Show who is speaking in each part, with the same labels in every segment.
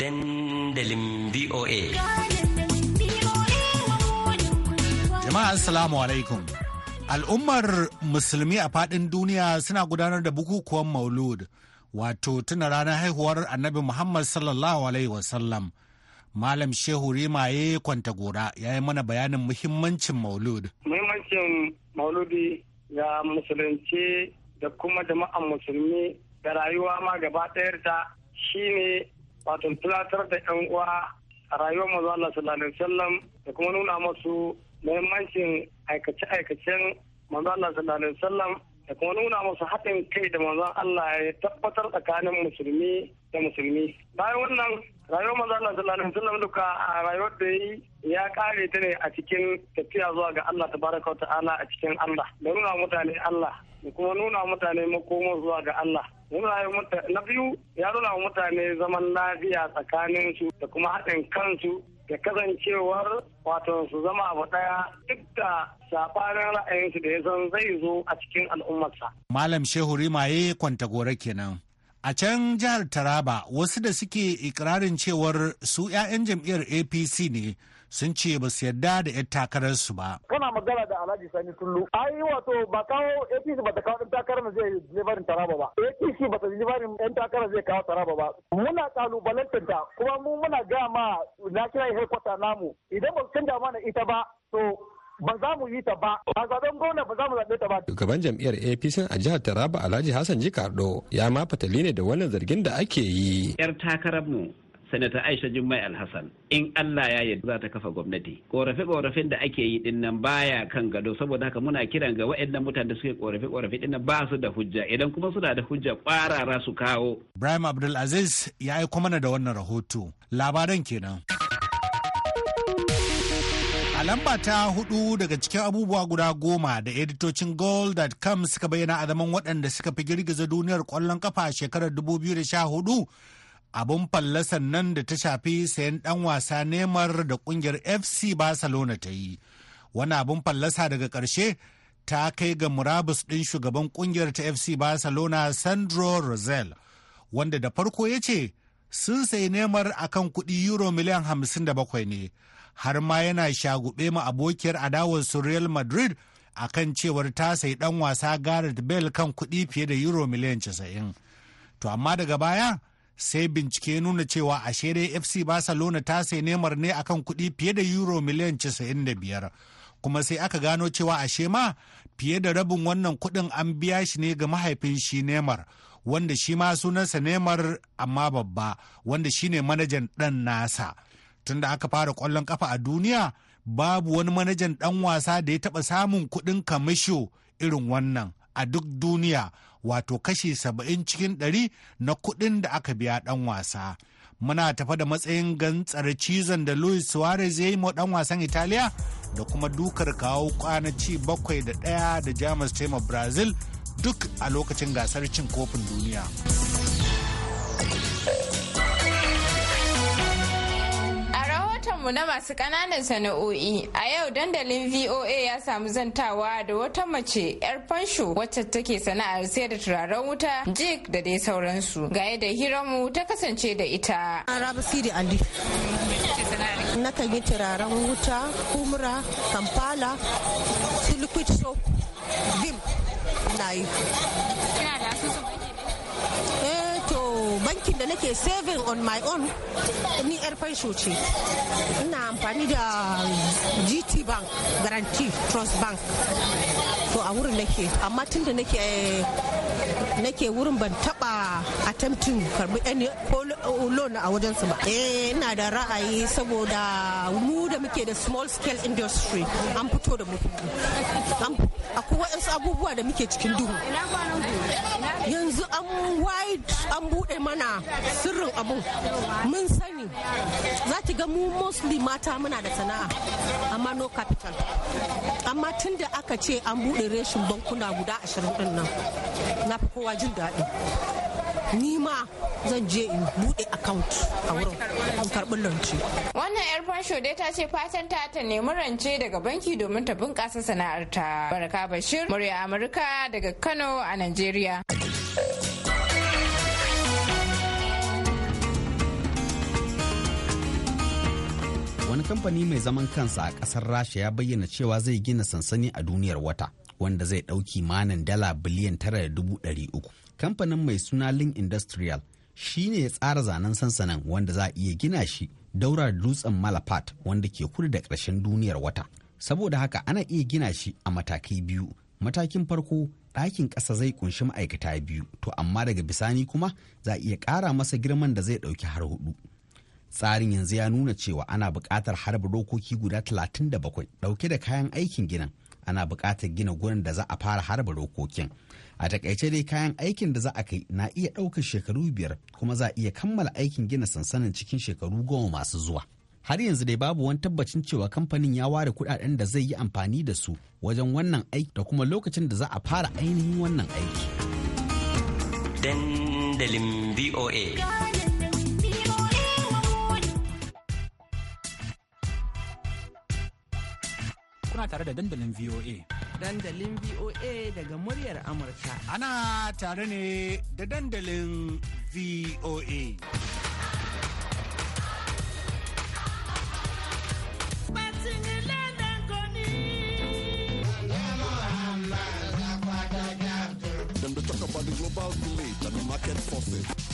Speaker 1: dandalin VOA.
Speaker 2: Jama'a Assalamu alaikum. Al'ummar musulmi a faɗin duniya suna gudanar da bukukuwan Maulud, wato tuna ranar haihuwar Annabi Muhammad sallallahu Alaihi wasallam. Malam Shehu Rimaye Kwantagora ya yi mana bayanin muhimmancin Maulud. Muhimmancin Mauludi ga musulunci da kuma jama'an musulmi da rayuwa ma gaba ɗayarta shine wato tunatar da yan uwa a rayuwar mazu Allah sallallahu alaihi sallam da kuma nuna masu muhimmancin aikace aikacen mazu Allah sallallahu alaihi sallam da kuma nuna masu haɗin kai da manzon Allah ya tabbatar tsakanin musulmi da musulmi bayan wannan rayuwar manzo Allah sallallahu alaihi wasallam duka a rayuwar da yi ya kare ta ne a cikin tafiya zuwa ga Allah tabaraka ta'ala a cikin Allah da nuna mutane Allah kuma nuna mutane makoma zuwa ga Allah. Na biyu ya nuna wa mutane zaman lafiya tsakanin su da kuma haɗin kansu da kasancewar wato su zama abu ɗaya duk da saɓanin ra'ayinsu da ya san zai zo a cikin al'ummarsa. Malam Shehu Rimaye Kwantagora kenan. A can jihar Taraba wasu da suke ikirarin cewar su 'ya'yan jam'iyyar APC ne sun ce ba su yarda da 'yan takararsu ba. Kana magana da Alhaji Sani Tullu. Ai wato ba kawo APC ba ta kawo ɗan takarar da zai jibarin Taraba ba. APC ba ta jibarin 'yan takarar zai kawo Taraba ba. Muna kalubalantar ta kuma mu muna gaya ma National Headquarter namu idan ba su canja mana ita ba to ba za mu yi ta ba a zaben gwamna ba za mu zaɓe ta ba. Shugaban jam'iyyar APC a jihar Taraba Alhaji Hassan Jikardo ya ma fatali ne da wannan zargin da ake yi. 'Yar takarar mu sanata aisha jummai alhassan in allah ya yarda za ta kafa gwamnati korafe korafin da ake yi din nan baya kan gado saboda haka muna kiran ga waɗannan mutane suke korafe ƙorafe din nan ba su da hujja idan kuma suna da hujja kwarara su kawo ibrahim abdulaziz ya aiko mana da wannan rahoto labaran kenan A lamba ta hudu daga cikin abubuwa guda goma da editocin gold.com suka bayyana a zaman waɗanda suka fi girgiza duniyar ƙwallon kafa shekarar 2014 abun fallasan nan da ta shafi sayan ɗan wasa Neymar da ƙungiyar FC Barcelona ta yi. Wani abun fallasa daga ƙarshe ta kai ga murabus ɗin shugaban ƙungiyar ta FC Barcelona Sandro rosel wanda da farko ya ce sun sayi Neymar akan kuɗi Euro miliyan 57 ne, har ma yana shagube ma abokiyar adawar su Real Madrid a kan cewar ta sayi ɗan wasa Gareth Bale kan kuɗi fiye da Euro miliyan 90. To amma daga baya sai bincike ya nuna cewa ashe dai fc barcelona ta sai nemar ne akan kuɗi fiye da euro miliyan 95 kuma sai aka gano cewa ashe ma fiye da rabin wannan kuɗin an biya shi ne ga mahaifin shi nemar wanda shi ma sunansa nemar amma babba wanda shi ne manajan ɗan nasa tunda aka fara ƙwallon ƙafa a duniya babu wani manajan ɗan wasa da ya taɓa samun kuɗin kamisho irin wannan a duk duniya wato kashi saba'in cikin ɗari na kuɗin da aka biya ɗan wasa. Muna tafa da matsayin gantsar cizon da Luis Suarez ya yi ma ɗan wasan Italiya da kuma dukar kawo kwanaci bakwai da ɗaya da Jamus Tema Brazil duk a lokacin gasar cin kofin duniya.
Speaker 1: watanmu na masu ƙananan sana'o'i a yau dandalin voa ya samu zantawa da wata mace 'yar fansho wacce take sana'ar sayar da turaren wuta jik da dai sauransu ga yadda hiranmu ta kasance da ita rabu siri na kan yi turaren wuta kampala liquid vim na yi da nake saving on my own ni yar fansho ce ina amfani da gt bank guarantee trust bank to a wurin nake amma tun da nake eh, nake wurin ban taba attempting karbi any ko loan a wajen su ba eh ina da ra'ayi saboda mu da muke da small scale industry an fito da mu akwai wasu abubuwa da muke cikin duhu yanzu an wide an bude mana sirrin abun mun sani za ki ga mu mostly mata muna da sana'a amma no capital amma tun aka ce an bude reshin bankuna guda ashirin din nan na fi kowa jin daɗi ni ma zan je in buɗe account a wurin an karɓi rance. wannan yar fasho dai ta ce fatan ta ta nemi rance daga banki domin ta bunƙasa sana'arta baraka bashir murya amurka daga kano a najeriya.
Speaker 2: wani kamfani mai zaman kansa a ƙasar rasha ya bayyana cewa zai gina sansani a duniyar wata wanda zai ɗauki manan dala biliyan tara da dubu ɗari uku. Kamfanin mai suna Link Industrial shi ne ya tsara zanen sansanin wanda za a iya gina shi daura da dutsen malapat wanda ke kudu da ƙarshen duniyar wata. Saboda haka ana iya gina shi a matakai biyu. Matakin farko ɗakin ƙasa zai kunshi ma'aikata biyu, to amma daga bisani kuma za a iya ƙara masa girman da zai ɗauki har hudu. tsarin yanzu ya nuna cewa ana buƙatar harba dokoki guda talatin da bakwai. ɗauke da kayan aikin ginin ana buƙatar gina gurin da za a fara harba rokokin a takaice dai kayan aikin da za a kai na iya ɗaukar shekaru biyar kuma za a iya kammala aikin gina sansanin cikin shekaru goma masu zuwa har yanzu dai babu wani tabbacin cewa kamfanin ya ware kuɗaɗen da zai yi amfani da su wajen wannan aiki da kuma lokacin da za a fara ainihin wannan aiki
Speaker 1: dandalin voa
Speaker 2: kuna tare da dandalin VOA. Dandalin VOA daga muryar Amurka. Ana tare ne da dandalin VOA. global village and the market forces.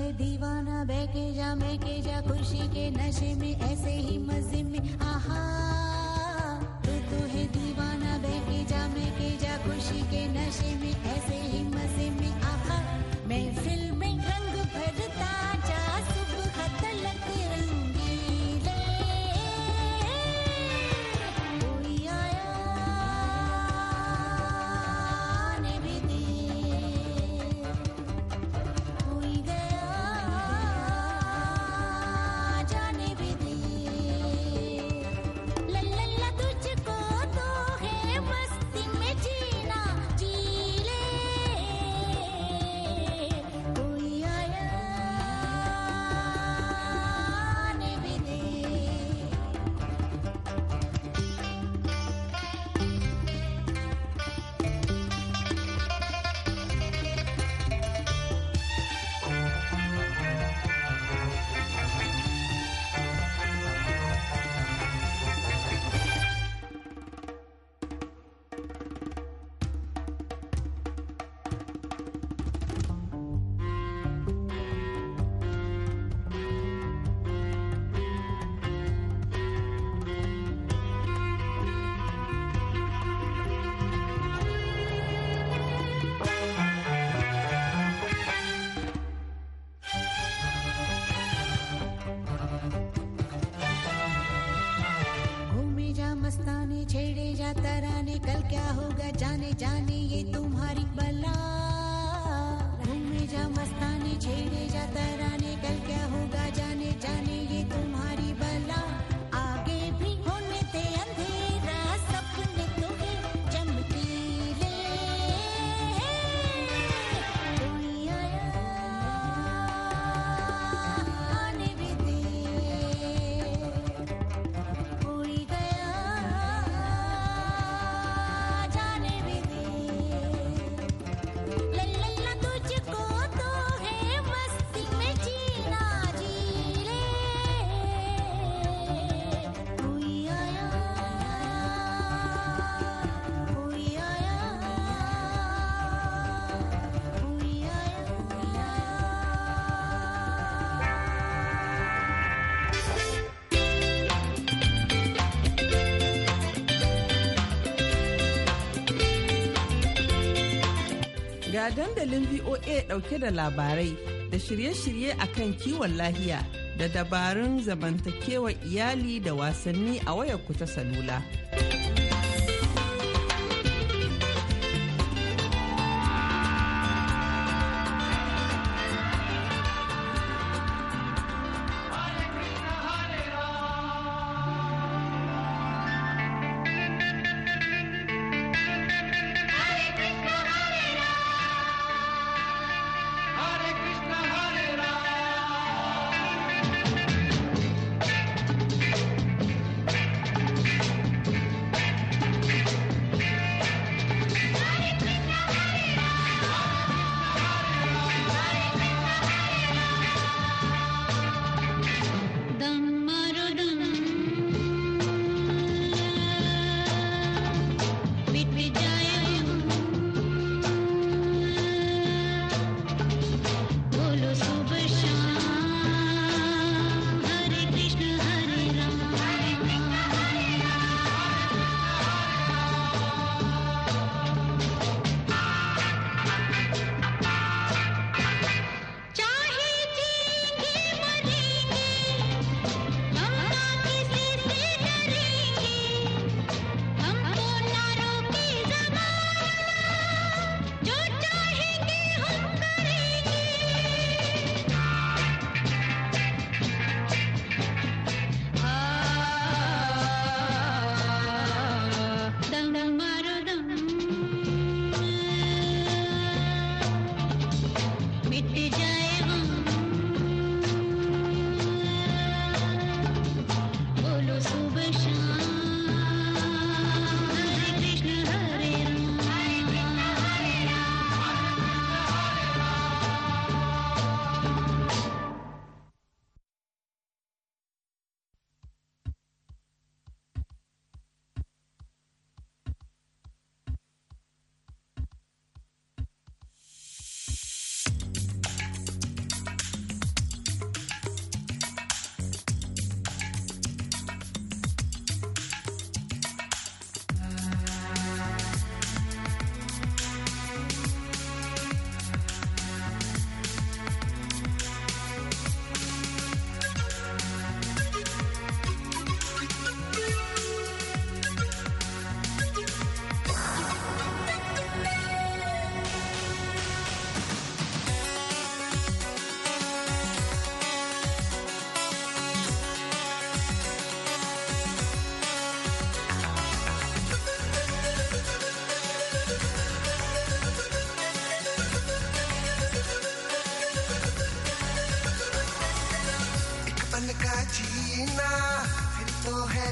Speaker 1: है दीवाना बहके जा महके जा खुशी के नशे में ऐसे ही मजे में आहा तू तो है दीवाना बहके जा महके जा खुशी के नशे में ऐसे ही जाने dandalin VOA ɗauke da labarai da shirye-shirye a kan kiwon lahiya da dabarun zamantakewar iyali da wasanni a wayar ku ta salula.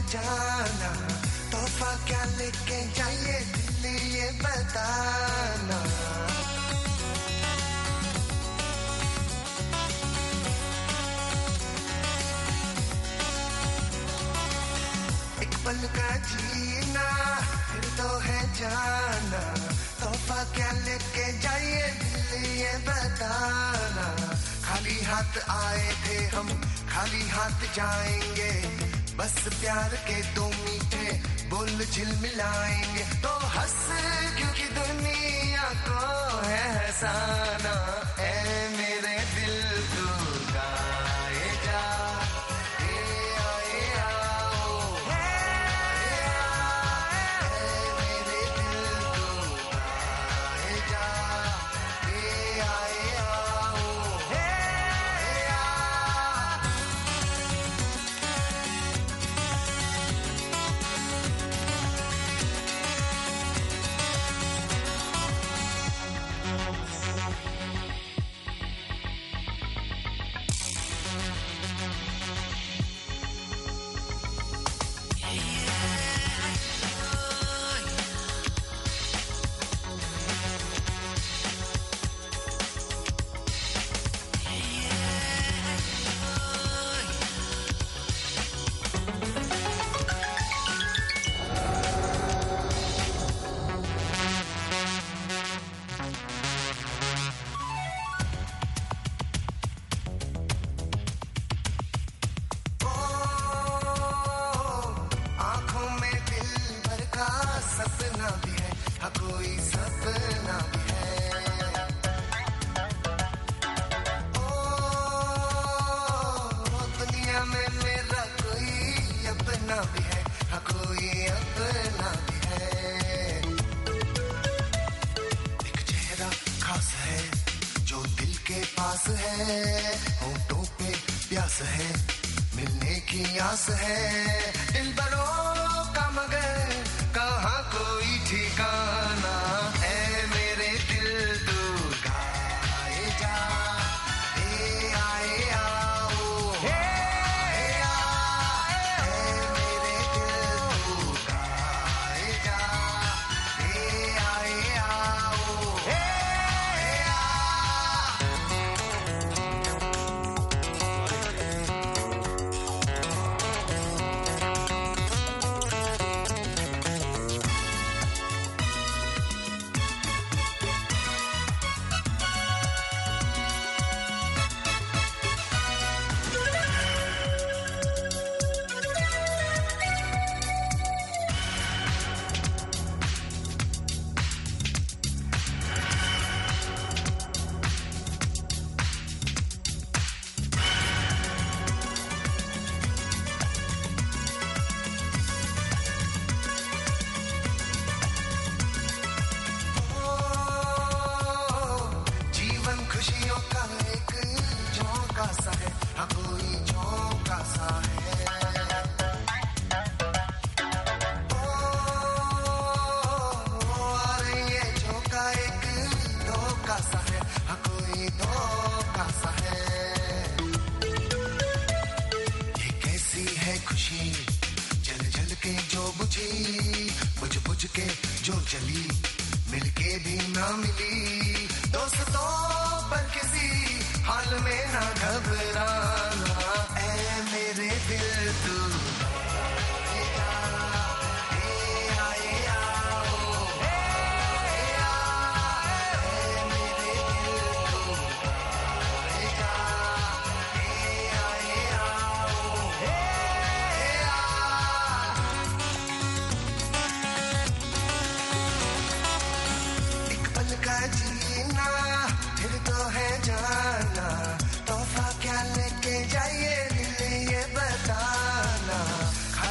Speaker 3: जाना तोहफा क्या लेके जाइए दिल्ली ये बताना एक पल का जीना फिर तो है जाना तोहफा क्या लेके जाइए दिल्ली ये बताना खाली हाथ आए थे हम खाली हाथ जाएंगे बस प्यार के दो मीठे बोल मिलाएंगे तो हंस क्योंकि दुनिया को है हसाना है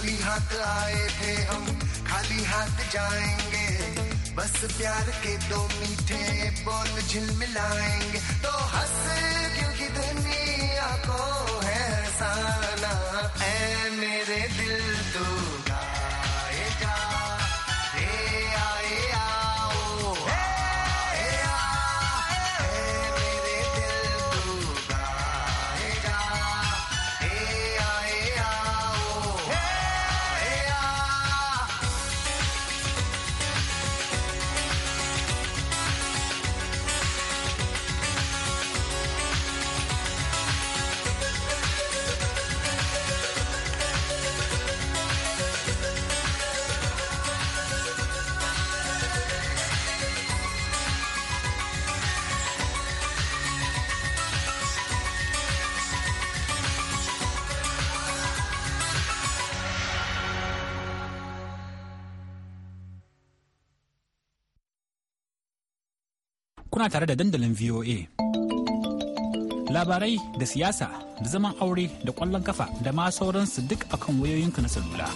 Speaker 3: खाली हाथ आए थे हम खाली हाथ जाएंगे बस प्यार के दो मीठे बोल झिलमिलाएंगे तो हंस क्योंकि दुनिया को है साना है मेरे दिल
Speaker 2: kuna tare da dandalin VOA. Labarai da siyasa da zaman aure da kwallon kafa da ma sauransu duk akan wayoyinka na salula.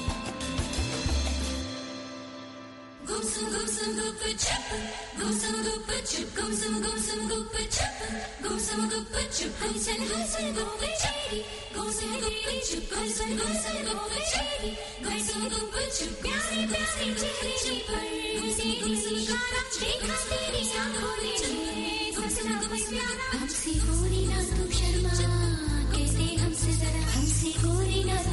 Speaker 1: gumsum gums हमसे थोड़ी ना तू शर्मा कहते हमसे जरा हमसे गोरी ना